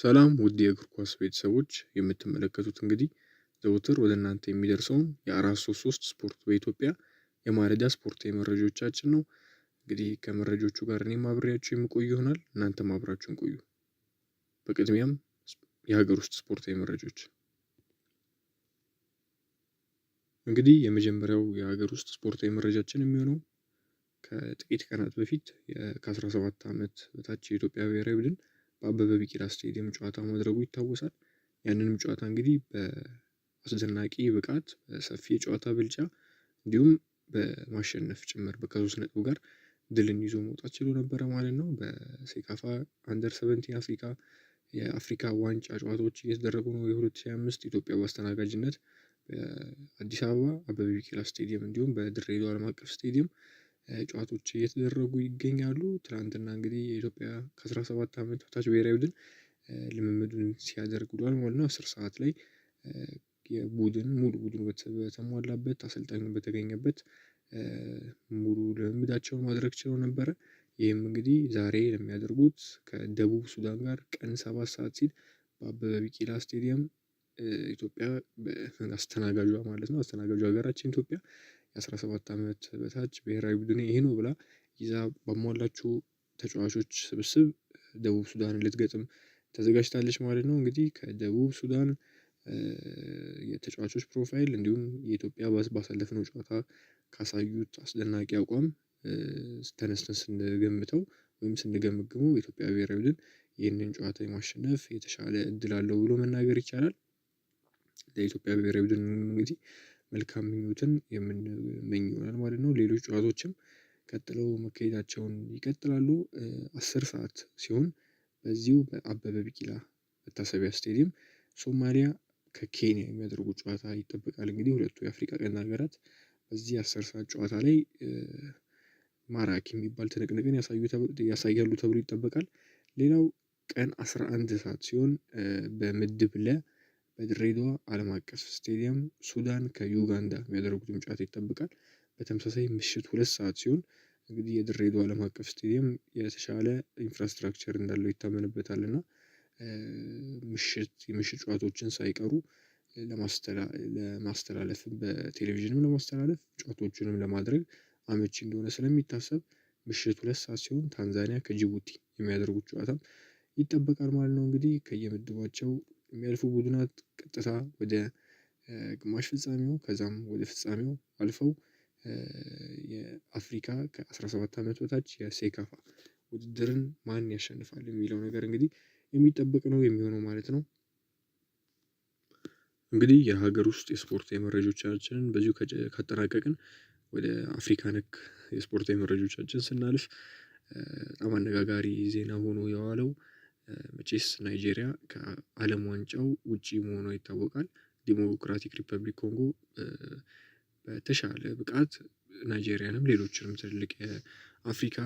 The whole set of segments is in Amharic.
ሰላም ውድ የእግር ኳስ ቤተሰቦች የምትመለከቱት እንግዲህ ዘውትር ወደ እናንተ የሚደርሰውን የአራት ሶስት ሶስት ስፖርት በኢትዮጵያ የማለዳ ስፖርታዊ መረጃዎቻችን ነው። እንግዲህ ከመረጃዎቹ ጋር እኔም ማብሬያቸው የሚቆዩ ይሆናል። እናንተም አብራችሁን ቆዩ። በቅድሚያም የሀገር ውስጥ ስፖርታዊ መረጃዎች እንግዲህ የመጀመሪያው የሀገር ውስጥ ስፖርታዊ መረጃችን የሚሆነው ከጥቂት ቀናት በፊት ከ17 ዓመት በታች የኢትዮጵያ ብሔራዊ ቡድን በአበበ ቢቂላ ስቴዲየም ጨዋታ ማድረጉ ይታወሳል። ያንንም ጨዋታ እንግዲህ በአስደናቂ ብቃት በሰፊ የጨዋታ ብልጫ እንዲሁም በማሸነፍ ጭምር ከሶስት ነጥብ ጋር ድልን ይዞ መውጣት ችሎ ነበረ ማለት ነው። በሴካፋ አንደር ሰቨንቲን አፍሪካ የአፍሪካ ዋንጫ ጨዋታዎች እየተደረጉ ነው። አምስት ኢትዮጵያ በአስተናጋጅነት በአዲስ አበባ አበበ ቢቂላ ስቴዲየም እንዲሁም በድሬዳዋ ዓለም አቀፍ ስቴዲየም ጨዋታዎች እየተደረጉ ይገኛሉ። ትናንትና እንግዲህ የኢትዮጵያ ከ17 ዓመት በታች ብሔራዊ ቡድን ልምምዱን ሲያደርግ ውሏል ማለት ነው። አስር ሰዓት ላይ የቡድን ሙሉ ቡድኑ በተሟላበት አሰልጣኙ በተገኘበት ሙሉ ልምምዳቸውን ማድረግ ችለው ነበረ። ይህም እንግዲህ ዛሬ የሚያደርጉት ከደቡብ ሱዳን ጋር ቀን ሰባት ሰዓት ሲል በአበበ ቢቂላ ስቴዲየም ኢትዮጵያ አስተናጋጇ ማለት ነው አስተናጋጇ ሀገራችን ኢትዮጵያ የአስራ ሰባት ዓመት በታች ብሔራዊ ቡድን ይሄ ነው ብላ ይዛ ባሟላችው ተጫዋቾች ስብስብ ደቡብ ሱዳንን ልትገጥም ተዘጋጅታለች ማለት ነው። እንግዲህ ከደቡብ ሱዳን የተጫዋቾች ፕሮፋይል እንዲሁም የኢትዮጵያ ባሳለፍነው ጨዋታ ካሳዩት አስደናቂ አቋም ተነስተን ስንገምተው ወይም ስንገመግመው የኢትዮጵያ ብሔራዊ ቡድን ይህንን ጨዋታ የማሸነፍ የተሻለ እድል አለው ብሎ መናገር ይቻላል። ለኢትዮጵያ ብሔራዊ ቡድን እንግዲህ መልካም ምኞትን የምንመኝ ይሆናል ማለት ነው። ሌሎች ጨዋታዎችም ቀጥለው መካሄዳቸውን ይቀጥላሉ። አስር ሰዓት ሲሆን በዚሁ በአበበ ቢቂላ መታሰቢያ ስቴዲየም ሶማሊያ ከኬንያ የሚያደርጉ ጨዋታ ይጠበቃል። እንግዲህ ሁለቱ የአፍሪካ ቀንድ ሀገራት በዚህ አስር ሰዓት ጨዋታ ላይ ማራኪ የሚባል ትንቅንቅን ያሳያሉ ተብሎ ይጠበቃል። ሌላው ቀን አስራ አንድ ሰዓት ሲሆን በምድብ ለ በድሬዳዋ ዓለም አቀፍ ስቴዲየም ሱዳን ከዩጋንዳ የሚያደርጉት ጨዋታ ይጠበቃል። በተመሳሳይ ምሽት ሁለት ሰዓት ሲሆን እንግዲህ የድሬዳዋ ዓለም አቀፍ ስቴዲየም የተሻለ ኢንፍራስትራክቸር እንዳለው ይታመንበታል እና ምሽት የምሽት ጨዋታዎችን ሳይቀሩ ለማስተላለፍ በቴሌቪዥንም ለማስተላለፍ ጨዋታዎቹንም ለማድረግ አመቺ እንደሆነ ስለሚታሰብ ምሽት ሁለት ሰዓት ሲሆን ታንዛኒያ ከጅቡቲ የሚያደርጉት ጨዋታም ይጠበቃል ማለት ነው። እንግዲህ ከየምድባቸው የሚያልፉ ቡድናት ቀጥታ ወደ ግማሽ ፍጻሜው ከዛም ወደ ፍጻሜው አልፈው የአፍሪካ ከ17 ዓመት በታች የሴካፋ ውድድርን ማን ያሸንፋል የሚለው ነገር እንግዲህ የሚጠበቅ ነው የሚሆነው ማለት ነው። እንግዲህ የሀገር ውስጥ የስፖርታዊ የመረጆቻችንን በዚሁ ካጠናቀቅን ወደ አፍሪካ ነክ የስፖርት መረጃዎቻችን ስናልፍ በጣም አነጋጋሪ ዜና ሆኖ የዋለው መቼስ ናይጄሪያ ከአለም ዋንጫው ውጪ መሆኗ ይታወቃል። ዲሞክራቲክ ሪፐብሊክ ኮንጎ በተሻለ ብቃት ናይጄሪያንም ሌሎችንም ትልልቅ የአፍሪካ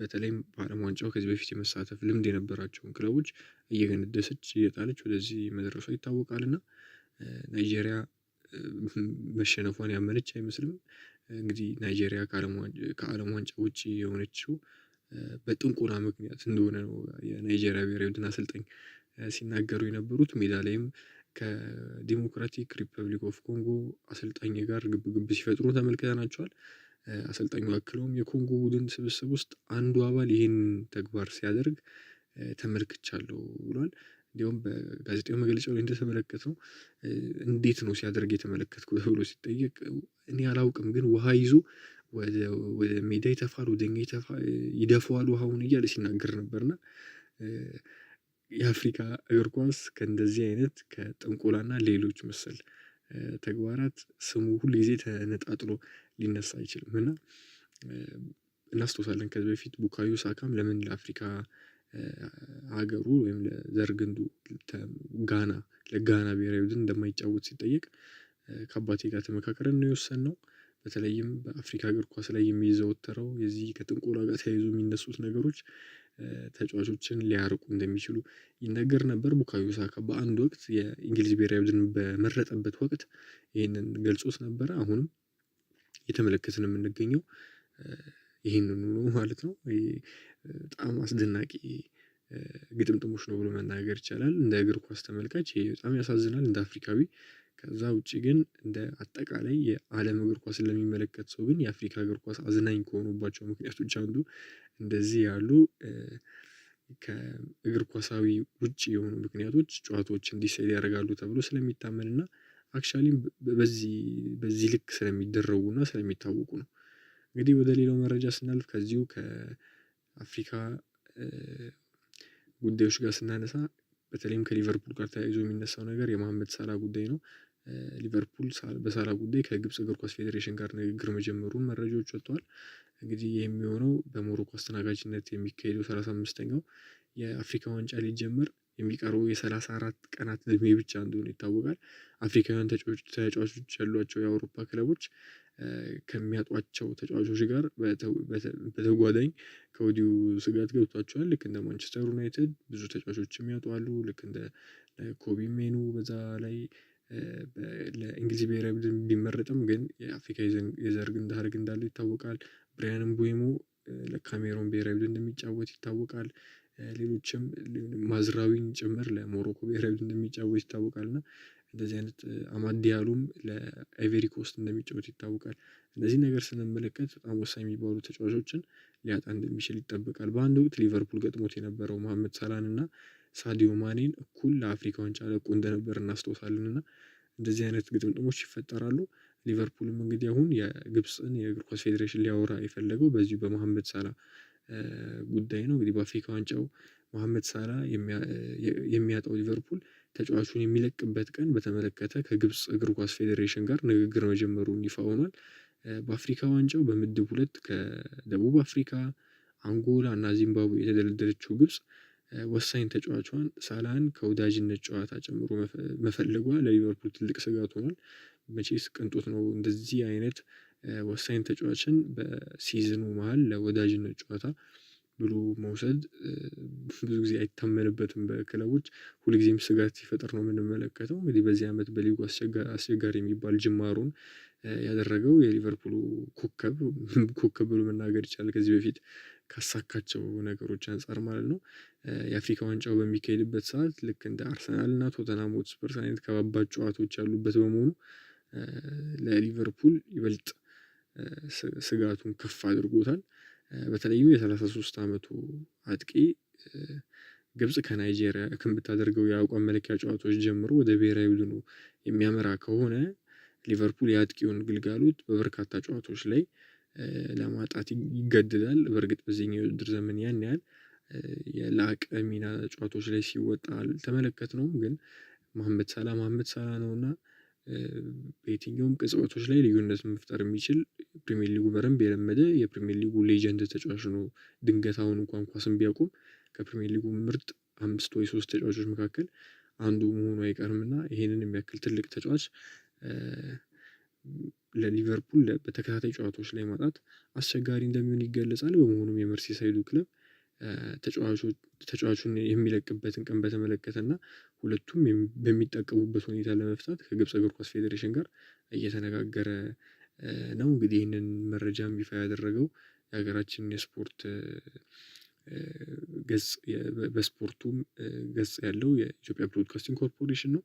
በተለይም በአለም ዋንጫው ከዚህ በፊት የመሳተፍ ልምድ የነበራቸውን ክለቦች እየገነደሰች እየጣለች ወደዚህ መድረሷ ይታወቃል። እና ናይጄሪያ መሸነፏን ያመነች አይመስልም። እንግዲህ ናይጄሪያ ከአለም ዋንጫ ውጪ የሆነችው በጥንቁና ምክንያት እንደሆነ ነው የናይጄሪያ ብሔራዊ ቡድን አሰልጣኝ ሲናገሩ የነበሩት። ሜዳ ላይም ከዲሞክራቲክ ሪፐብሊክ ኦፍ ኮንጎ አሰልጣኝ ጋር ግብግብ ሲፈጥሩ ተመልክተናቸዋል። አሰልጣኙ አክለውም የኮንጎ ቡድን ስብስብ ውስጥ አንዱ አባል ይህን ተግባር ሲያደርግ ተመልክቻለሁ ብሏል። እንዲሁም በጋዜጣዊ መግለጫው ላይ እንደተመለከትነው እንዴት ነው ሲያደርግ የተመለከትኩ ተብሎ ሲጠየቅ እኔ አላውቅም፣ ግን ውሃ ይዞ ወደ ሜዳ ይተፋል፣ ወደ እኛ ይደፈዋል ውሃውን እያለ ሲናገር ነበር የአፍሪካ እግር ኳስ ከእንደዚህ አይነት ከጥንቆላና ሌሎች መሰል ተግባራት ስሙ ሁል ጊዜ ተነጣጥሎ ሊነሳ አይችልም እና እናስታውሳለን ከዚህ በፊት ቡካዮ ሳካም ለምን ለአፍሪካ ሀገሩ ወይም ለዘርግንዱ ጋና ለጋና ብሔራዊ ቡድን እንደማይጫወት ሲጠየቅ ከአባቴ ጋር ተመካከረን ነው ነው። በተለይም በአፍሪካ እግር ኳስ ላይ የሚዘወተረው የዚህ ከጥንቆላ ጋር ተያይዞ የሚነሱት ነገሮች ተጫዋቾችን ሊያርቁ እንደሚችሉ ይነገር ነበር። ቡካዮ ሳካ በአንድ ወቅት የእንግሊዝ ብሔራዊ ቡድን በመረጠበት ወቅት ይህንን ገልጾት ነበረ። አሁንም እየተመለከትን የምንገኘው ይህንኑ ነው ማለት ነው። በጣም አስደናቂ ግጥምጥሞች ነው ብሎ መናገር ይቻላል። እንደ እግር ኳስ ተመልካች ይሄ በጣም ያሳዝናል። እንደ አፍሪካዊ ከዛ ውጪ ግን እንደ አጠቃላይ የአለም እግር ኳስ ለሚመለከት ሰው ግን የአፍሪካ እግር ኳስ አዝናኝ ከሆኑባቸው ምክንያቶች አንዱ እንደዚህ ያሉ ከእግር ኳሳዊ ውጪ የሆኑ ምክንያቶች ጨዋታዎች እንዲሳል ያደርጋሉ ተብሎ ስለሚታመን እና አክቹዋሊም በዚህ ልክ ልክ እና ስለሚታወቁ ነው። እንግዲህ ወደ ሌላው መረጃ ስናልፍ ከዚሁ ከአፍሪካ ጉዳዮች ጋር ስናነሳ በተለይም ከሊቨርፑል ጋር ተያይዞ የሚነሳው ነገር የመሐመድ ሳላ ጉዳይ ነው ሊቨርፑል በሳላ ጉዳይ ከግብጽ እግር ኳስ ፌዴሬሽን ጋር ንግግር መጀመሩን መረጃዎች ወጥተዋል። እንግዲህ ይህ የሚሆነው በሞሮኮ አስተናጋጅነት የሚካሄደው ሰላሳ አምስተኛው የአፍሪካ ዋንጫ ሊጀምር የሚቀረው የሰላሳ አራት ቀናት እድሜ ብቻ እንደሆነ ይታወቃል። አፍሪካውያን ተጫዋቾች ያሏቸው የአውሮፓ ክለቦች ከሚያጧቸው ተጫዋቾች ጋር በተጓዳኝ ከወዲሁ ስጋት ገብቷቸዋል። ልክ እንደ ማንቸስተር ዩናይትድ ብዙ ተጫዋቾች የሚያጡ ልክ እንደ ኮቢ ሜኑ በዛ ላይ ለእንግሊዝ ብሔራዊ ቡድን ቢመረጥም ግን የአፍሪካ የዘር ሀረግ እንዳለው ይታወቃል። ብራያን ምቡሞ ለካሜሮን ብሔራዊ ቡድን እንደሚጫወት ይታወቃል። ሌሎችም ማዝራዊን ጭምር ለሞሮኮ ብሔራዊ ቡድን እንደሚጫወት ይታወቃል። እና እንደዚህ አይነት አማድ ያሉም ለአይቬሪ ኮስት እንደሚጫወት ይታወቃል። እነዚህ ነገር ስንመለከት በጣም ወሳኝ የሚባሉ ተጫዋቾችን ሊያጣ እንደሚችል ይጠበቃል። በአንድ ወቅት ሊቨርፑል ገጥሞት የነበረው መሀመድ ሳላን እና ሳዲዮ ማኔን እኩል ለአፍሪካ ዋንጫ ለቆ እንደነበር እናስታውሳለን። እና እንደዚህ አይነት ግጥምጥሞች ይፈጠራሉ። ሊቨርፑልም እንግዲህ አሁን የግብጽን የእግር ኳስ ፌዴሬሽን ሊያወራ የፈለገው በዚሁ በመሐመድ ሳላ ጉዳይ ነው። እንግዲህ በአፍሪካ ዋንጫው መሐመድ ሳላ የሚያጣው ሊቨርፑል ተጫዋቹን የሚለቅበት ቀን በተመለከተ ከግብጽ እግር ኳስ ፌዴሬሽን ጋር ንግግር መጀመሩን ይፋ ሆኗል። በአፍሪካ ዋንጫው በምድብ ሁለት ከደቡብ አፍሪካ፣ አንጎላ እና ዚምባብዌ የተደለደለችው ግብጽ ወሳኝ ተጫዋቿን ሳላህን ከወዳጅነት ጨዋታ ጨምሮ መፈለጓ ለሊቨርፑል ትልቅ ስጋት ሆኗል። መቼስ ቅንጦት ነው እንደዚህ አይነት ወሳኝ ተጫዋችን በሲዝኑ መሃል ለወዳጅነት ጨዋታ ብሎ መውሰድ ብዙ ጊዜ አይታመንበትም። በክለቦች ሁልጊዜም ስጋት ሲፈጥር ነው የምንመለከተው። እንግዲህ በዚህ አመት በሊጉ አስቸጋሪ የሚባል ጅማሮን ያደረገው የሊቨርፑሉ ኮከብ ኮከብ ብሎ መናገር ይቻላል። ከዚህ በፊት ካሳካቸው ነገሮች አንጻር ማለት ነው። የአፍሪካ ዋንጫው በሚካሄድበት ሰዓት ልክ እንደ አርሰናል እና ቶተናም ሆትስፐርስ አይነት ከባባድ ጨዋታዎች ያሉበት በመሆኑ ለሊቨርፑል ይበልጥ ስጋቱን ከፍ አድርጎታል። በተለይም የሰላሳ ሶስት ዓመቱ አጥቂ ግብጽ ከናይጄሪያ ከምታደርገው የአቋም መለኪያ ጨዋታዎች ጀምሮ ወደ ብሔራዊ ቡድኑ የሚያመራ ከሆነ ሊቨርፑል የአጥቂውን ግልጋሎት በበርካታ ጨዋታዎች ላይ ለማጣት ይገድዳል። በእርግጥ በዚህኛው የውድድር ዘመን ያን ያህል የላቀ ሚና ጨዋታዎች ላይ ሲወጣ አልተመለከትነውም። ግን መሐመድ ሳላ መሐመድ ሳላ ነውና በየትኛውም ቅጽበቶች ላይ ልዩነት መፍጠር የሚችል ፕሪሚየር ሊጉ በደንብ የለመደ የፕሪሚየር ሊጉ ሌጀንድ ተጫዋች ነው። ድንገት አሁን እንኳን ኳስን ቢያቁም ከፕሪሚየር ሊጉ ምርጥ አምስት ወይ ሶስት ተጫዋቾች መካከል አንዱ መሆኑ አይቀርምና ይህንን የሚያክል ትልቅ ተጫዋች ለሊቨርፑል በተከታታይ ጨዋታዎች ላይ ማጣት አስቸጋሪ እንደሚሆን ይገለጻል። በመሆኑም የመርሲሳይዱ ክለብ ተጫዋቹን የሚለቅበትን ቀን በተመለከተ እና ሁለቱም በሚጠቀሙበት ሁኔታ ለመፍታት ከግብፅ እግር ኳስ ፌዴሬሽን ጋር እየተነጋገረ ነው። እንግዲህ ይህንን መረጃ ይፋ ያደረገው የሀገራችን የስፖርት ገጽ በስፖርቱም ገጽ ያለው የኢትዮጵያ ብሮድካስቲንግ ኮርፖሬሽን ነው።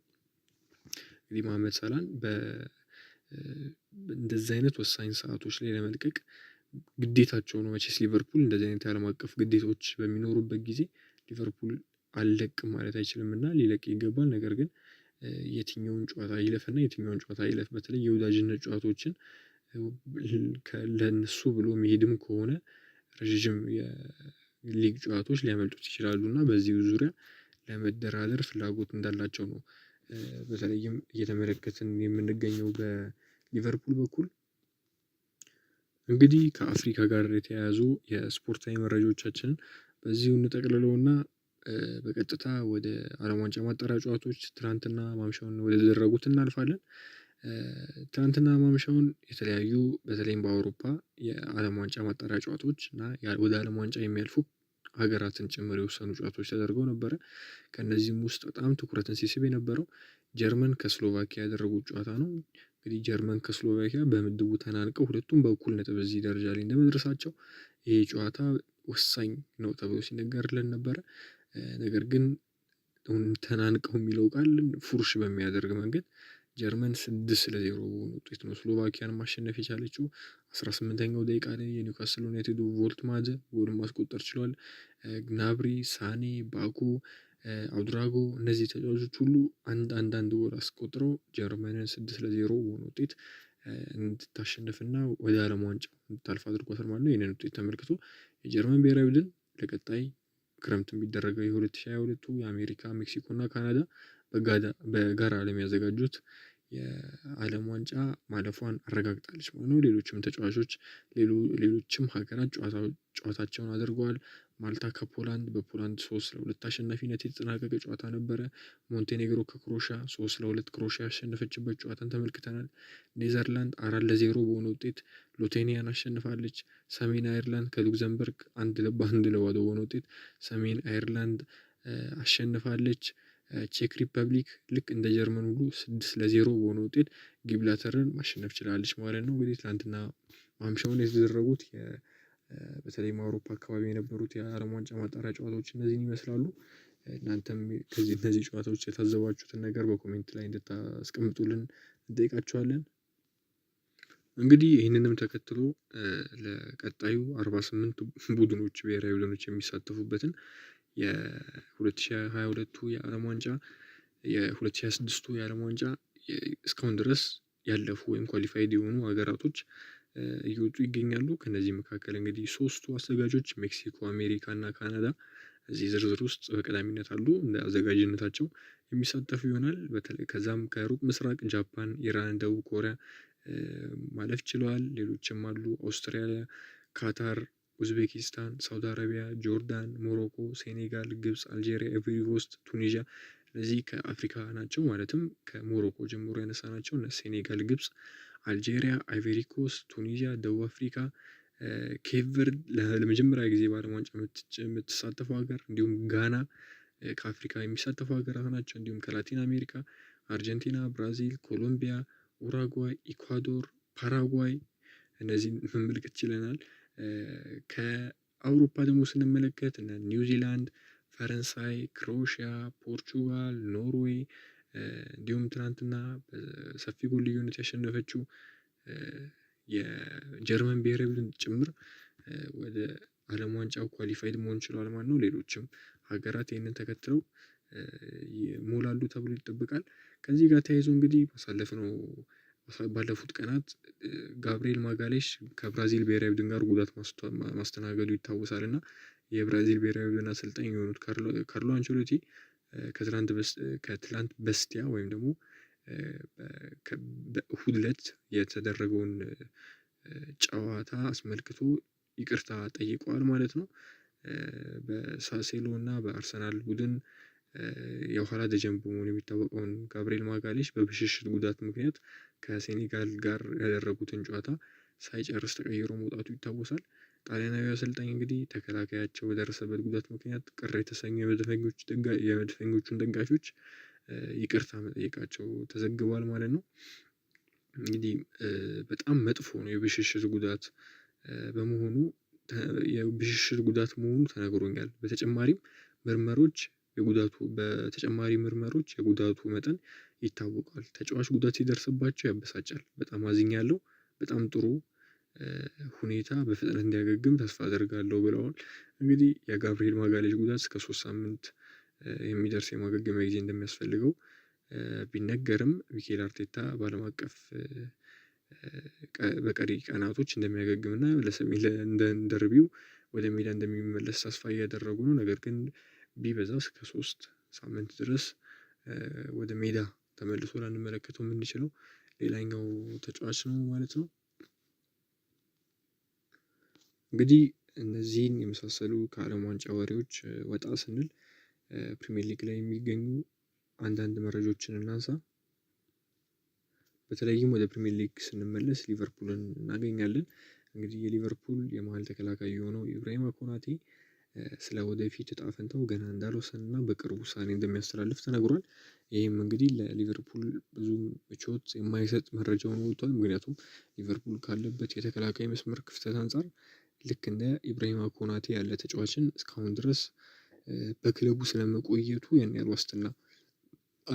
እንግዲህ መሐመድ ሳላን እንደዚህ አይነት ወሳኝ ሰዓቶች ላይ ለመልቀቅ ግዴታቸው ነው። መቼስ ሊቨርፑል እንደዚህ አይነት የዓለም አቀፍ ግዴታዎች በሚኖሩበት ጊዜ ሊቨርፑል አልለቅ ማለት አይችልም እና ሊለቅ ይገባል። ነገር ግን የትኛውን ጨዋታ ይለፍ እና የትኛውን ጨዋታ ይለፍ፣ በተለይ የወዳጅነት ጨዋታዎችን ለእነሱ ብሎ መሄድም ከሆነ ረዥም የሊግ ጨዋታዎች ሊያመልጡት ይችላሉ እና በዚህ ዙሪያ ለመደራደር ፍላጎት እንዳላቸው ነው በተለይም እየተመለከትን የምንገኘው በሊቨርፑል በኩል እንግዲህ ከአፍሪካ ጋር የተያያዙ የስፖርታዊ መረጃዎቻችንን በዚሁ እና በቀጥታ ወደ ዓለም ዋንጫ ማጣሪያ ጨዋታዎች ትናንትና ማምሻውን ወደ ተደረጉት እናልፋለን። ትናንትና ማምሻውን የተለያዩ በተለይም በአውሮፓ የዓለም ዋንጫ ማጣሪያ ጨዋታዎች እና ወደ ዓለም ዋንጫ የሚያልፉ ሀገራትን ጭምር የወሰኑ ጨዋታዎች ተደርገው ነበረ። ከእነዚህም ውስጥ በጣም ትኩረትን ሲስብ የነበረው ጀርመን ከስሎቫኪያ ያደረጉት ጨዋታ ነው። እንግዲህ ጀርመን ከስሎቫኪያ በምድቡ ተናንቀው ሁለቱም በእኩል ነጥብ እዚህ ደረጃ ላይ እንደመድረሳቸው ይህ ጨዋታ ወሳኝ ነው ተብሎ ሲነገርልን ነበረ። ነገር ግን ተናንቀው የሚለው ቃል ፉርሽ በሚያደርግ መንገድ ጀርመን ስድስት ለዜሮ በሆነ ውጤት ነው ስሎቫኪያን ማሸነፍ የቻለችው። 18ኛው ደቂቃ ላይ የኒውካስል ዩናይትዱ ቮልትማደ ጎልን ማስቆጠር ችሏል። ግናብሪ፣ ሳኔ፣ ባኩ፣ አውድራጎ እነዚህ ተጫዋቾች ሁሉ አንድ አንድ አንድ ጎል አስቆጥረው ጀርመንን ስድስት ለዜሮ በሆነ ውጤት እንድታሸንፍና ወደ ዓለም ዋንጫ እንድታልፍ አድርጓታል ማለት ይህንን ውጤት ተመልክቶ የጀርመን ብሔራዊ ቡድን ለቀጣይ ክረምት የሚደረገው የ2022 የአሜሪካ ሜክሲኮ እና ካናዳ በጋራ ለሚያዘጋጁት የአለም ዋንጫ ማለፏን አረጋግጣለች ማለት ነው። ሌሎችም ተጫዋቾች ሌሎችም ሀገራት ጨዋታቸውን አድርገዋል። ማልታ ከፖላንድ በፖላንድ ሶስት ለሁለት አሸናፊነት የተጠናቀቀ ጨዋታ ነበረ። ሞንቴኔግሮ ከክሮሻ ሶስት ለሁለት ክሮሻ ያሸነፈችበት ጨዋታን ተመልክተናል። ኔዘርላንድ አራት ለዜሮ በሆነ ውጤት ሎቴኒያን አሸንፋለች። ሰሜን አይርላንድ ከሉክዘምበርግ አንድ ለባዶ በሆነ ውጤት ሰሜን አይርላንድ አሸንፋለች ቼክ ሪፐብሊክ ልክ እንደ ጀርመን ሁሉ ስድስት ለዜሮ በሆነ ውጤት ጊብላተርን ማሸነፍ ችላለች ማለት ነው። እንግዲህ ትላንትና ማምሻውን የተደረጉት በተለይም አውሮፓ አካባቢ የነበሩት የዓለም ዋንጫ ማጣሪያ ጨዋታዎች እነዚህን ይመስላሉ። እናንተም ከዚህ እነዚህ ጨዋታዎች የታዘባችሁትን ነገር በኮሜንት ላይ እንድታስቀምጡልን እንጠይቃችኋለን። እንግዲህ ይህንንም ተከትሎ ለቀጣዩ አርባ ስምንት ቡድኖች ብሔራዊ ቡድኖች የሚሳተፉበትን የ2022ቱ የዓለም ዋንጫ የ2026ቱ የዓለም ዋንጫ እስካሁን ድረስ ያለፉ ወይም ኳሊፋይድ የሆኑ ሀገራቶች እየወጡ ይገኛሉ። ከነዚህ መካከል እንግዲህ ሶስቱ አዘጋጆች ሜክሲኮ፣ አሜሪካ እና ካናዳ እዚህ ዝርዝር ውስጥ በቀዳሚነት አሉ። እንደ አዘጋጅነታቸው የሚሳተፉ ይሆናል። በተለይ ከዛም ከሩቅ ምስራቅ ጃፓን፣ ኢራን፣ ደቡብ ኮሪያ ማለፍ ችለዋል። ሌሎችም አሉ አውስትራሊያ፣ ካታር ኡዝቤኪስታን፣ ሳውዲ አረቢያ፣ ጆርዳን፣ ሞሮኮ፣ ሴኔጋል፣ ግብፅ፣ አልጄሪያ፣ ኮስት፣ ቱኒዥያ እነዚህ ከአፍሪካ ናቸው። ማለትም ከሞሮኮ ጀምሮ ያነሳ ናቸው። ሴኔጋል፣ ግብፅ፣ አልጄሪያ፣ ኮስት፣ ቱኒዥያ፣ ደቡብ አፍሪካ፣ ኬቨር ለመጀመሪያ ጊዜ በዓለም ዋንጫ የምትሳተፈው ሀገር እንዲሁም ጋና ከአፍሪካ የሚሳተፉ ሀገራት ናቸው። እንዲሁም ከላቲን አሜሪካ አርጀንቲና፣ ብራዚል፣ ኮሎምቢያ፣ ኡራጓይ፣ ኢኳዶር፣ ፓራጓይ እነዚህን መመልከት ችለናል። ከአውሮፓ ደግሞ ስንመለከት እነ ኒውዚላንድ፣ ፈረንሳይ፣ ክሮኤሽያ፣ ፖርቹጋል፣ ኖርዌይ እንዲሁም ትናንትና በሰፊ ጎል ልዩነት ያሸነፈችው የጀርመን ብሔራዊ ቡድን ጭምር ወደ ዓለም ዋንጫው ኳሊፋይድ መሆን ችሏል ማለት ነው። ሌሎችም ሀገራት ይህንን ተከትለው ይሞላሉ ተብሎ ይጠበቃል። ከዚህ ጋር ተያይዞ እንግዲህ ማሳለፍ ነው ባለፉት ቀናት ጋብርኤል ማጋሌሽ ከብራዚል ብሔራዊ ቡድን ጋር ጉዳት ማስተናገዱ ይታወሳል እና የብራዚል ብሔራዊ ቡድን አሰልጣኝ የሆኑት ካርሎ አንቸሎቲ ከትላንት በስቲያ ወይም ደግሞ በእሁድ ዕለት የተደረገውን ጨዋታ አስመልክቶ ይቅርታ ጠይቀዋል ማለት ነው። በሳሴሎ እና በአርሰናል ቡድን የኋላ ደጀን በመሆኑ የሚታወቀውን ጋብርኤል ማጋሌሽ በብሽሽት ጉዳት ምክንያት ከሴኔጋል ጋር ያደረጉትን ጨዋታ ሳይጨርስ ተቀይሮ መውጣቱ ይታወሳል። ጣሊያናዊ አሰልጣኝ እንግዲህ ተከላካያቸው በደረሰበት ጉዳት ምክንያት ቅር የተሰኙ የመድፈኞቹን ደጋፊዎች ይቅርታ መጠየቃቸው ተዘግቧል ማለት ነው። እንግዲህ በጣም መጥፎ ነው የብሽሽት ጉዳት በመሆኑ የብሽሽት ጉዳት መሆኑ ተነግሮኛል። በተጨማሪም ምርመሮች የጉዳቱ በተጨማሪ ምርመሮች የጉዳቱ መጠን ይታወቃል። ተጫዋች ጉዳት ሲደርስባቸው ያበሳጫል። በጣም አዝኛለሁ። በጣም ጥሩ ሁኔታ በፍጥነት እንዲያገግም ተስፋ አደርጋለሁ ብለዋል። እንግዲህ የጋብርኤል ማጋሌጅ ጉዳት እስከ ሶስት ሳምንት የሚደርስ የማገገሚያ ጊዜ እንደሚያስፈልገው ቢነገርም ሚኬል አርቴታ በዓለም አቀፍ በቀሪ ቀናቶች እንደሚያገግምና ለሰሚ ለንደን ደርቢው ወደ ሜዳ እንደሚመለስ ተስፋ እያደረጉ ነው። ነገር ግን ቢበዛ እስከ ሶስት ሳምንት ድረስ ወደ ሜዳ ተመልሶ ላንመለከተው የምንችለው ሌላኛው ተጫዋች ነው ማለት ነው። እንግዲህ እነዚህን የመሳሰሉ ከዓለም ዋንጫ ወሬዎች ወጣ ስንል ፕሪሚየር ሊግ ላይ የሚገኙ አንዳንድ መረጃዎችን እናንሳ። በተለይም ወደ ፕሪሚየር ሊግ ስንመለስ ሊቨርፑልን እናገኛለን። እንግዲህ የሊቨርፑል የመሀል ተከላካይ የሆነው ኢብራሂማ ኮናቴ ስለ ወደፊት እጣ ፈንታው ገና እንዳልወሰነና በቅርቡ ውሳኔ እንደሚያስተላልፍ ተነግሯል። ይህም እንግዲህ ለሊቨርፑል ብዙ ምቾት የማይሰጥ መረጃ ሆኖ ወጥቷል። ምክንያቱም ሊቨርፑል ካለበት የተከላካይ መስመር ክፍተት አንጻር ልክ እንደ ኢብራሂማ ኮናቴ ያለ ተጫዋችን እስካሁን ድረስ በክለቡ ስለመቆየቱ ያን ያህል ዋስትና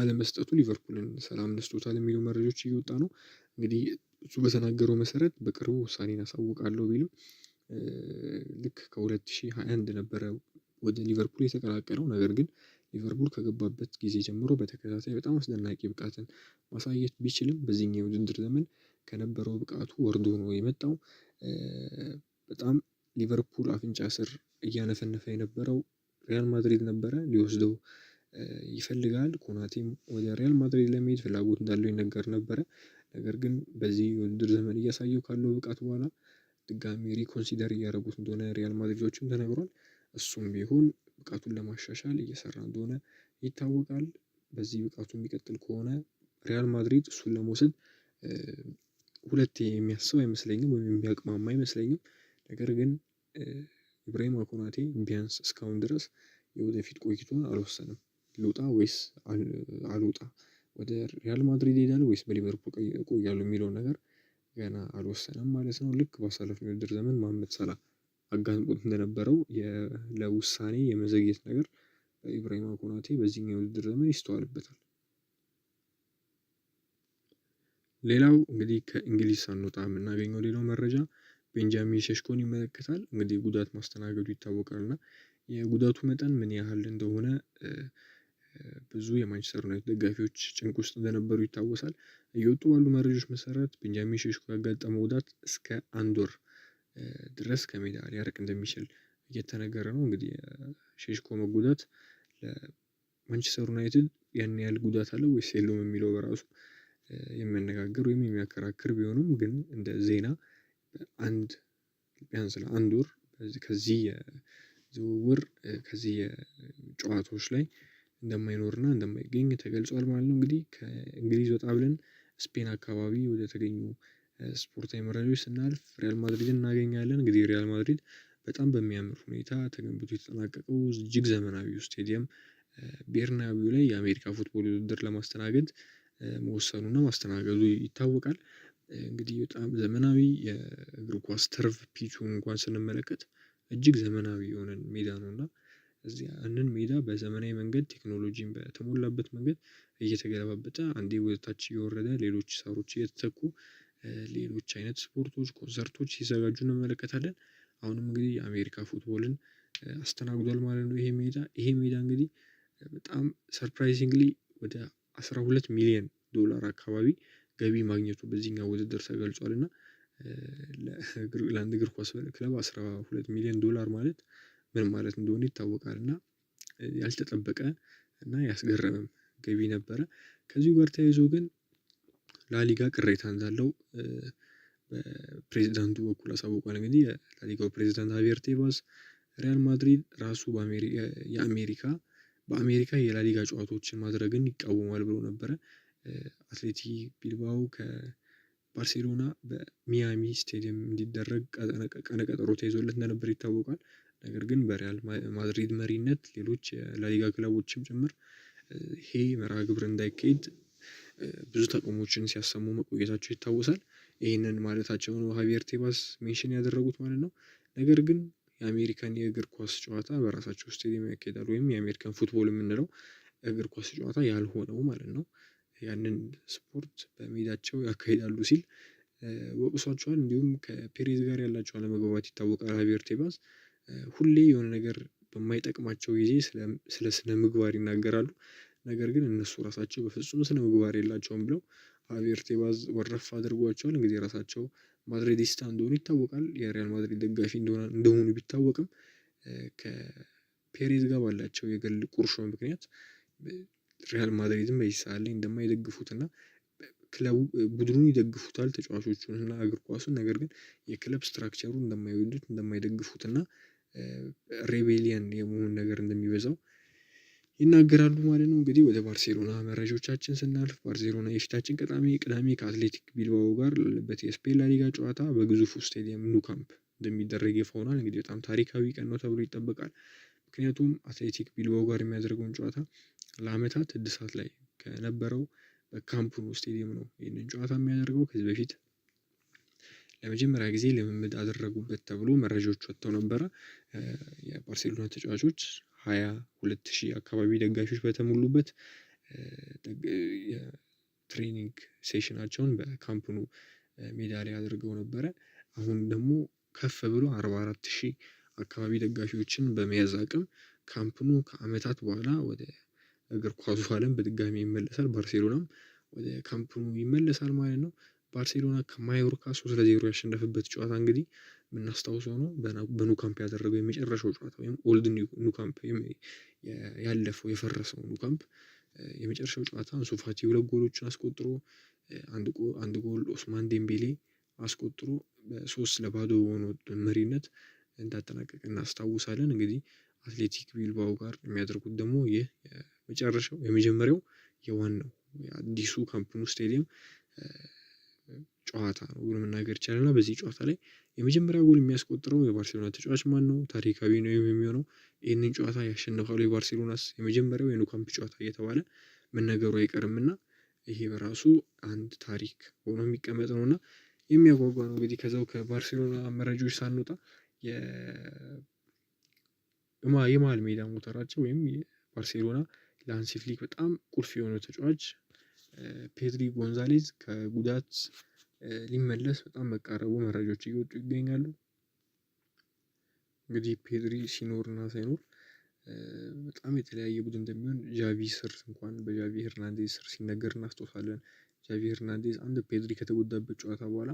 አለመስጠቱ ሊቨርፑልን ሰላም ነስቶታል የሚሉ መረጃዎች እየወጣ ነው። እንግዲህ እሱ በተናገረው መሰረት በቅርቡ ውሳኔን አሳውቃለሁ ቢልም ልክ ከ2021 ነበረ ወደ ሊቨርፑል የተቀላቀለው። ነገር ግን ሊቨርፑል ከገባበት ጊዜ ጀምሮ በተከታታይ በጣም አስደናቂ ብቃትን ማሳየት ቢችልም በዚህኛው የውድድር ዘመን ከነበረው ብቃቱ ወርዶ ነው የመጣው። በጣም ሊቨርፑል አፍንጫ ስር እያነፈነፈ የነበረው ሪያል ማድሪድ ነበረ ሊወስደው ይፈልጋል። ኮናቴም ወደ ሪያል ማድሪድ ለመሄድ ፍላጎት እንዳለው ይነገር ነበረ። ነገር ግን በዚህ የውድድር ዘመን እያሳየው ካለው ብቃት በኋላ ድጋሚ ሪኮንሲደር እያደረጉት እንደሆነ ሪያል ማድሪዶችም ተነግሯል። እሱም ቢሆን ብቃቱን ለማሻሻል እየሰራ እንደሆነ ይታወቃል። በዚህ ብቃቱ የሚቀጥል ከሆነ ሪያል ማድሪድ እሱን ለመውሰድ ሁለቴ የሚያስብ አይመስለኝም ወይም የሚያቅማማ አይመስለኝም። ነገር ግን ኢብራሂማ ኮናቴ ቢያንስ እስካሁን ድረስ የወደፊት ቆይቶን አልወሰንም። ልውጣ ወይስ አልውጣ፣ ወደ ሪያል ማድሪድ ሄዳለሁ ወይስ በሊቨርፑል ቆያለሁ የሚለውን ነገር ገና አልወሰነም ማለት ነው። ልክ ባሳለፍነው የውድድር ዘመን መሐመድ ሰላ አጋንቆት እንደነበረው ለውሳኔ የመዘግየት ነገር ኢብራሂማ ኮናቴ በዚህኛው የውድድር ዘመን ይስተዋልበታል። ሌላው እንግዲህ ከእንግሊዝ ሳንወጣ የምናገኘው ሌላው መረጃ ቤንጃሚን ሸሽኮን ይመለከታል። እንግዲህ ጉዳት ማስተናገዱ ይታወቃል እና የጉዳቱ መጠን ምን ያህል እንደሆነ ብዙ የማንቸስተር ዩናይትድ ደጋፊዎች ጭንቅ ውስጥ እንደነበሩ ይታወሳል። እየወጡ ባሉ መረጃዎች መሰረት ቤንጃሚን ሼሽኮ ያጋጠመው ጉዳት እስከ አንድ ወር ድረስ ከሜዳ ሊያርቅ እንደሚችል እየተነገረ ነው። እንግዲህ ሼሽኮ መጎዳት ለማንቸስተር ዩናይትድ ያን ያህል ጉዳት አለው ወይስ የለውም የሚለው በራሱ የሚያነጋግር ወይም የሚያከራክር ቢሆንም ግን እንደ ዜና አንድ ቢያንስ ለአንድ ወር ከዚህ የዝውውር ከዚህ የጨዋታዎች ላይ እንደማይኖርና እንደማይገኝ ተገልጿል ማለት ነው። እንግዲህ ከእንግሊዝ ወጣ ብለን ስፔን አካባቢ ወደ ተገኙ ስፖርታዊ መረጃዎች ስናልፍ ሪያል ማድሪድን እናገኛለን። እንግዲህ ሪያል ማድሪድ በጣም በሚያምር ሁኔታ ተገንብቶ የተጠናቀቀው እጅግ ዘመናዊው ስቴዲየም ቤርናቢው ላይ የአሜሪካ ፉትቦል ውድድር ለማስተናገድ መወሰኑና ማስተናገዱ ይታወቃል። እንግዲህ በጣም ዘመናዊ የእግር ኳስ ተርፍ ፒቹ እንኳን ስንመለከት እጅግ ዘመናዊ የሆነ ሜዳ ነው እና እዚያ ያንን ሜዳ በዘመናዊ መንገድ ቴክኖሎጂን በተሞላበት መንገድ እየተገለባበጠ አንዴ ወደ ታች እየወረደ ሌሎች ሳሮች እየተተኩ ሌሎች አይነት ስፖርቶች ኮንሰርቶች ሲዘጋጁ እንመለከታለን። አሁንም እንግዲህ የአሜሪካ ፉትቦልን አስተናግዷል ማለት ነው። ይሄ ሜዳ ይሄ ሜዳ እንግዲህ በጣም ሰርፕራይዚንግሊ ወደ 12 ሚሊዮን ሚሊየን ዶላር አካባቢ ገቢ ማግኘቱ በዚህኛው ውድድር ተገልጿል። እና ለአንድ እግር ኳስ ክለብ 12ሚሊዮን ሚሊየን ዶላር ማለት ምን ማለት እንደሆነ ይታወቃል። እና ያልተጠበቀ እና ያስገረመም ገቢ ነበረ። ከዚሁ ጋር ተያይዞ ግን ላሊጋ ቅሬታ እንዳለው በፕሬዝዳንቱ በኩል አሳውቋል። እንግዲህ የላሊጋው ፕሬዝዳንት ሀቪየር ቴባስ ሪያል ማድሪድ ራሱ የአሜሪካ በአሜሪካ የላሊጋ ጨዋታዎችን ማድረግን ይቃወማል ብሎ ነበረ። አትሌቲ ቢልባው ከባርሴሎና በሚያሚ ስቴዲየም እንዲደረግ ቀነ ቀጠሮ ተይዞለት እንደነበር ይታወቃል። ነገር ግን በሪያል ማድሪድ መሪነት ሌሎች የላሊጋ ክለቦችም ጭምር ይሄ መርሃ ግብር እንዳይካሄድ ብዙ ተቃውሞዎችን ሲያሰሙ መቆየታቸው ይታወሳል። ይህንን ማለታቸው ነው ሀቪየር ቴባስ ሜንሽን ያደረጉት ማለት ነው። ነገር ግን የአሜሪካን የእግር ኳስ ጨዋታ በራሳቸው ስቴዲየም ያካሄዳል ወይም የአሜሪካን ፉትቦል የምንለው እግር ኳስ ጨዋታ ያልሆነው ማለት ነው ያንን ስፖርት በሜዳቸው ያካሂዳሉ ሲል ወቅሷቸዋል። እንዲሁም ከፔሬዝ ጋር ያላቸው አለመግባባት ይታወቃል ሀቪየር ቴባስ ሁሌ የሆነ ነገር በማይጠቅማቸው ጊዜ ስለ ስነ ምግባር ይናገራሉ። ነገር ግን እነሱ ራሳቸው በፍጹም ስነ ምግባር የላቸውም ብለው አቤር ቴባዝ ወረፍ አድርጓቸዋል። እንግዲህ ራሳቸው ማድሪዲስታ እንደሆኑ ይታወቃል የሪያል ማድሪድ ደጋፊ እንደሆኑ ቢታወቅም ከፔሬዝ ጋር ባላቸው የግል ቁርሾ ምክንያት ሪያል ማድሪድም በዚህ ሰዓት ላይ እንደማይደግፉት እና ክለቡ ቡድኑን ይደግፉታል ተጫዋቾቹን እና እግር ኳሱን ነገር ግን የክለብ ስትራክቸሩ እንደማይወዱት እንደማይደግፉት እና ሬቤሊየን የመሆን ነገር እንደሚበዛው ይናገራሉ ማለት ነው። እንግዲህ ወደ ባርሴሎና መረጃዎቻችን ስናልፍ ባርሴሎና የፊታችን ቅዳሜ ቅዳሜ ከአትሌቲክ ቢልባኦ ጋር ላለበት የስፔን ላሊጋ ጨዋታ በግዙፉ ስቴዲየም ኑ ካምፕ እንደሚደረግ ይፋ ሆኗል። እንግዲህ በጣም ታሪካዊ ቀን ነው ተብሎ ይጠበቃል። ምክንያቱም አትሌቲክ ቢልባኦ ጋር የሚያደርገውን ጨዋታ ለአመታት እድሳት ላይ ከነበረው በካምፕ ኑ ስቴዲየም ነው ይህንን ጨዋታ የሚያደርገው ከዚህ በፊት ለመጀመሪያ ጊዜ ልምምድ አደረጉበት ተብሎ መረጃዎች ወጥተው ነበረ። የባርሴሎና ተጫዋቾች ሀያ ሁለት ሺህ አካባቢ ደጋፊዎች በተሞሉበት የትሬኒንግ ሴሽናቸውን በካምፕኑ ሜዳ ላይ አድርገው ነበረ። አሁን ደግሞ ከፍ ብሎ አርባ አራት ሺህ አካባቢ ደጋፊዎችን በመያዝ አቅም ካምፕኑ ከአመታት በኋላ ወደ እግር ኳሱ ዓለም በድጋሚ ይመለሳል። ባርሴሎናም ወደ ካምፕኑ ይመለሳል ማለት ነው። ባርሴሎና ከማዮርካ ሶስት ለዜሮ ያሸነፈበት ጨዋታ እንግዲህ የምናስታውሰው ነው። በኑካምፕ ያደረገው የመጨረሻው ጨዋታ ወይም ኦልድ ኑካምፕ ያለፈው የፈረሰው ኑካምፕ የመጨረሻው ጨዋታ አንሱ ፋቲ ሁለት ጎሎችን አስቆጥሮ አንድ ጎል ኦስማን ዴምቤሌ አስቆጥሮ ሶስት ለባዶ በሆነ መሪነት እንዳጠናቀቀ እናስታውሳለን። እንግዲህ አትሌቲክ ቢልባው ጋር የሚያደርጉት ደግሞ ይህ መጨረሻው የመጀመሪያው የዋናው የአዲሱ ካምፕኑ ስታዲየም ጨዋታ ነው ብሎ መናገር ይቻላል። እና በዚህ ጨዋታ ላይ የመጀመሪያ ጎል የሚያስቆጥረው የባርሴሎና ተጫዋች ማን ነው? ታሪካዊ ነው የሚሆነው ይህንን ጨዋታ ያሸንፋሉ የባርሴሎናስ የመጀመሪያው የኑካምፕ ጨዋታ እየተባለ መነገሩ አይቀርም እና ይሄ በራሱ አንድ ታሪክ ሆኖ የሚቀመጥ ነው እና የሚያጓጓ ነው። እንግዲህ ከዛው ከባርሴሎና መረጃዎች ሳንወጣ የ ሜዳ ሞተራቸው ወይም ባርሴሎና ለሃንሲ ፍሊክ በጣም ቁልፍ የሆነ ተጫዋች ፔድሪ ጎንዛሌዝ ከጉዳት ሊመለስ በጣም መቃረቡ መረጃዎች እየወጡ ይገኛሉ። እንግዲህ ፔድሪ እና ሳይኖር በጣም የተለያየ ቡድን እንደሚሆን ጃቪ ስር እንኳን በጃቪ ሄርናንዴዝ ስር ሲነገር እናስተውሳለን። ጃቪ ሄርናንዴዝ አንድ ፔድሪ ከተጎዳበት ጨዋታ በኋላ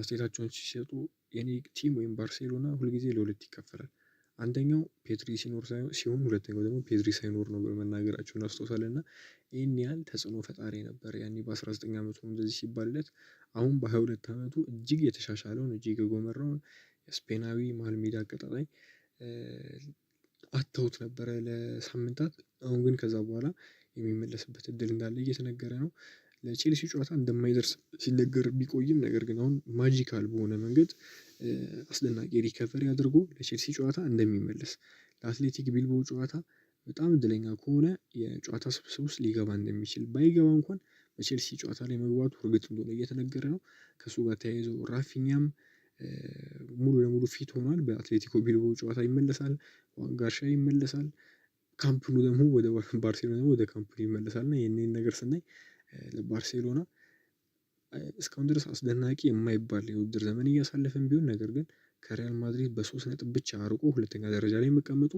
አስተያየታቸውን ሲሰጡ የኔ ቲም ወይም ባርሴሎና ሁልጊዜ ለሁለት ይከፈላል አንደኛው ፔትሪ ሲኖር ሲሆን ሁለተኛው ደግሞ ፔትሪ ሳይኖር ነው በመናገራቸው እናስታውሳለን። እና ይህን ያህል ተጽዕኖ ፈጣሪ ነበር ያኔ 19 ዘጠኝ አመቱ እንደዚህ ሲባልለት አሁን በ22 ዓመቱ እጅግ የተሻሻለውን እጅግ የጎመራውን ስፔናዊ መሃል ሜዳ አቀጣጣይ አተውት ነበረ ለሳምንታት አሁን ግን ከዛ በኋላ የሚመለስበት እድል እንዳለ እየተነገረ ነው ለቼልሲ ጨዋታ እንደማይደርስ ሲነገር ቢቆይም ነገር ግን አሁን ማጂካል በሆነ መንገድ አስደናቂ ሪከቨሪ አድርጎ ለቼልሲ ጨዋታ እንደሚመለስ ለአትሌቲክ ቢልቦ ጨዋታ በጣም እድለኛ ከሆነ የጨዋታ ስብስብ ውስጥ ሊገባ እንደሚችል ባይገባ እንኳን በቼልሲ ጨዋታ ላይ መግባቱ እርግጥ እንደሆነ እየተነገረ ነው። ከእሱ ጋር ተያይዞ ራፊኛም ሙሉ ለሙሉ ፊት ሆኗል። በአትሌቲኮ ቢልቦ ጨዋታ ይመለሳል። ዋንጋርሻ ይመለሳል። ካምፕኑ ደግሞ ወደ ባርሴሎና ወደ ካምፕኑ ይመለሳል እና ይህንን ነገር ስናይ ለባርሴሎና እስካሁን ድረስ አስደናቂ የማይባል የውድድር ዘመን እያሳለፈን ቢሆን ነገር ግን ከሪያል ማድሪድ በሶስት ነጥብ ብቻ አርቆ ሁለተኛ ደረጃ ላይ መቀመጡ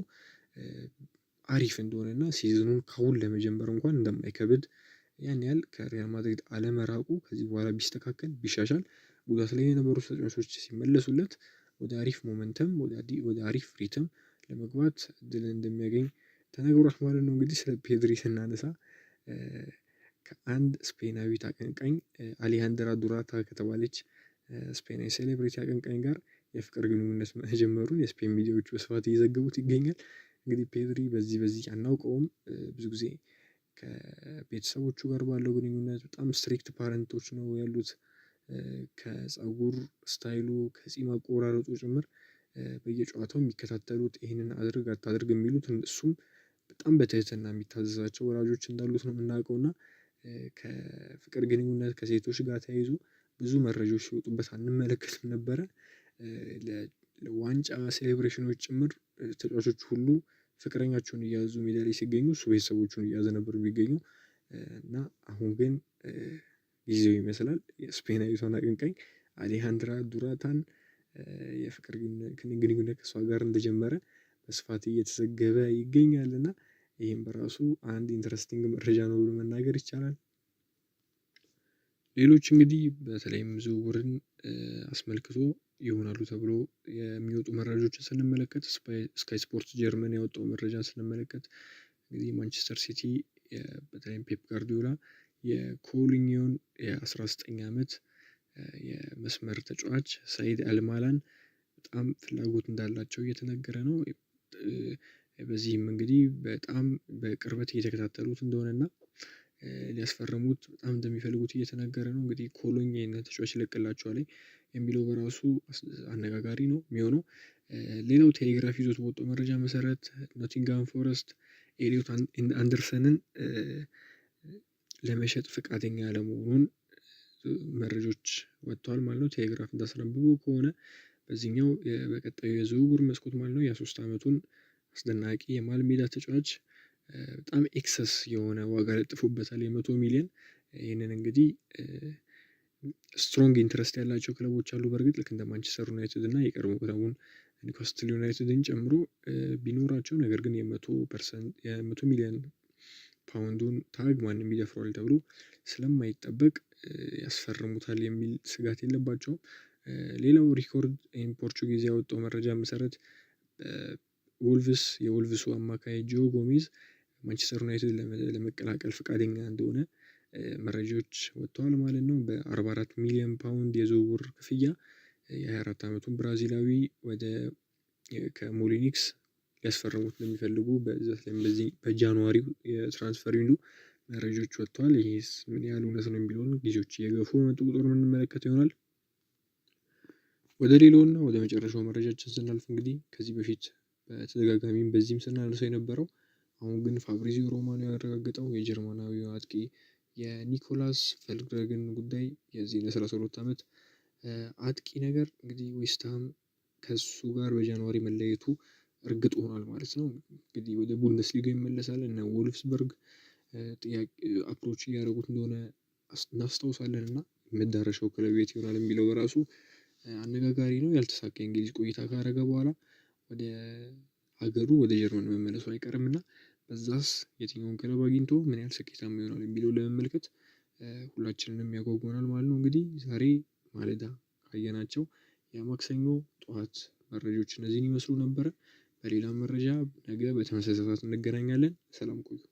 አሪፍ እንደሆነ እና ሲዝኑን ካሁን ለመጀመር እንኳን እንደማይከብድ ያን ያህል ከሪያል ማድሪድ አለመራቁ ከዚህ በኋላ ቢስተካከል ቢሻሻል ጉዳት ላይ የነበሩ ተጫዋቾች ሲመለሱለት ወደ አሪፍ ሞመንተም ወደ አሪፍ ሪትም ለመግባት እድል እንደሚያገኝ ተነግሯል ማለት ነው። እንግዲህ ስለ ፔድሪ ስናነሳ ከአንድ ስፔናዊት አቀንቃኝ አሊሃንድራ ዱራታ ከተባለች ስፔናዊ ሴሌብሪቲ አቀንቃኝ ጋር የፍቅር ግንኙነት መጀመሩን የስፔን ሚዲያዎች በስፋት እየዘገቡት ይገኛል። እንግዲህ ፔድሪ በዚህ በዚህ አናውቀውም ብዙ ጊዜ ከቤተሰቦቹ ጋር ባለው ግንኙነት በጣም ስትሪክት ፓረንቶች ነው ያሉት። ከፀጉር ስታይሉ ከጺም አቆራረጡ ጭምር በየጨዋታው የሚከታተሉት ይህንን አድርግ አታድርግ የሚሉት እሱም በጣም በትህትና የሚታዘዛቸው ወላጆች እንዳሉት ነው የምናውቀው እና ከፍቅር ግንኙነት ከሴቶች ጋር ተያይዞ ብዙ መረጃዎች ሲወጡበት አንመለከትም ነበረ። ለዋንጫ ሴሌብሬሽኖች ጭምር ተጫዋቾች ሁሉ ፍቅረኛቸውን እየያዙ ሜዳ ላይ ሲገኙ እሱ ቤተሰቦቹን እየያዘ ነበር የሚገኙ እና አሁን ግን ጊዜው ይመስላል የስፔናዊቷን አቀንቃኝ አሌሃንድራ ዱራታን የፍቅር ግንኙነት ከእሷ ጋር እንደጀመረ በስፋት እየተዘገበ ይገኛል እና ይህም በራሱ አንድ ኢንትረስቲንግ መረጃ ነው ብሎ መናገር ይቻላል። ሌሎች እንግዲህ በተለይም ዝውውርን አስመልክቶ ይሆናሉ ተብሎ የሚወጡ መረጃዎችን ስንመለከት ስካይ ስፖርት ጀርመን ያወጣው መረጃ ስንመለከት እንግዲህ ማንቸስተር ሲቲ በተለይም ፔፕ ጋርዲዮላ የኮሊኒዮን የ19 ዓመት የመስመር ተጫዋች ሰይድ አልማላን በጣም ፍላጎት እንዳላቸው እየተነገረ ነው። በዚህም እንግዲህ በጣም በቅርበት እየተከታተሉት እንደሆነና ሊያስፈርሙት በጣም እንደሚፈልጉት እየተናገረ ነው። እንግዲህ ኮሎኝ ይህንን ተጫዋች ይለቅላቸዋል የሚለው በራሱ አነጋጋሪ ነው የሚሆነው። ሌላው ቴሌግራፍ ይዞት በወጣው መረጃ መሰረት ኖቲንጋም ፎረስት ኤሊዮት አንደርሰንን ለመሸጥ ፈቃደኛ ለመሆኑን መረጃዎች ወጥተዋል ማለት ነው። ቴሌግራፍ እንዳስነበበው ከሆነ በዚህኛው በቀጣዩ የዝውውር መስኮት ማለት ነው የሶስት ዓመቱን አስደናቂ የመሃል ሜዳ ተጫዋች በጣም ኤክሰስ የሆነ ዋጋ ለጥፎበታል። የመቶ ሚሊዮን ይህንን እንግዲህ ስትሮንግ ኢንትረስት ያላቸው ክለቦች አሉ። በእርግጥ ልክ እንደ ማንቸስተር ዩናይትድ እና የቀድሞ ክለቡን ኒኮስትል ዩናይትድን ጨምሮ ቢኖራቸው፣ ነገር ግን የመቶ የመቶ ሚሊዮን ፓውንዱን ታግ ማንም ይደፍረዋል ተብሎ ስለማይጠበቅ ያስፈርሙታል የሚል ስጋት የለባቸውም። ሌላው ሪኮርድ ፖርቹጊዝ ያወጣው መረጃ መሰረት ወልቭስ የወልቭሱ አማካይ ጆ ጎሚዝ ማንቸስተር ዩናይትድ ለመቀላቀል ፈቃደኛ እንደሆነ መረጃዎች ወጥተዋል ማለት ነው። በ44 ሚሊዮን ፓውንድ የዝውውር ክፍያ የ24 ዓመቱን ብራዚላዊ ወደ ከሞሊኒክስ ሊያስፈርሙት እንደሚፈልጉ በዚህ በጃንዋሪው የትራንስፈር ዊንዶ መረጃዎች ወጥተዋል። ይህስ ምን ያህል እውነት ነው የሚለውን ጊዜዎች እየገፉ በመጡ ቁጥር የምንመለከተው ይሆናል። ወደ ሌላውና ወደ መጨረሻው መረጃችን ስናልፍ እንግዲህ ከዚህ በፊት በተደጋጋሚም በዚህም ስናነሳው የነበረው አሁን ግን ፋብሪዚዮ ሮማኖ ያረጋገጠው የጀርመናዊ አጥቂ የኒኮላስ ፈልግረግን ጉዳይ የዚህ ለ32 ዓመት አጥቂ ነገር እንግዲህ ዌስትሃም ከሱ ጋር በጃንዋሪ መለየቱ እርግጥ ሆኗል ማለት ነው። እንግዲህ ወደ ቡንደስሊጋ ይመለሳል እና ወልፍስበርግ አፕሮች እያደረጉት እንደሆነ እናስታውሳለን እና መዳረሻው ክለብ የት ይሆናል የሚለው በራሱ አነጋጋሪ ነው። ያልተሳካ እንግሊዝ ቆይታ ካረገ በኋላ ወደ ሀገሩ ወደ ጀርመን መመለሱ አይቀርም እና በዛስ የትኛውን ክለብ አግኝቶ ምን ያህል ስኬታማ ይሆናል የሚለው ለመመልከት ሁላችንንም ያጓጓናል ማለት ነው። እንግዲህ ዛሬ ማለዳ ካየናቸው የማክሰኞ ጠዋት መረጃዎች እነዚህን ይመስሉ ነበረ። በሌላ መረጃ ነገ በተመሳሳይ ሰዓት እንገናኛለን። ሰላም ቆዩ።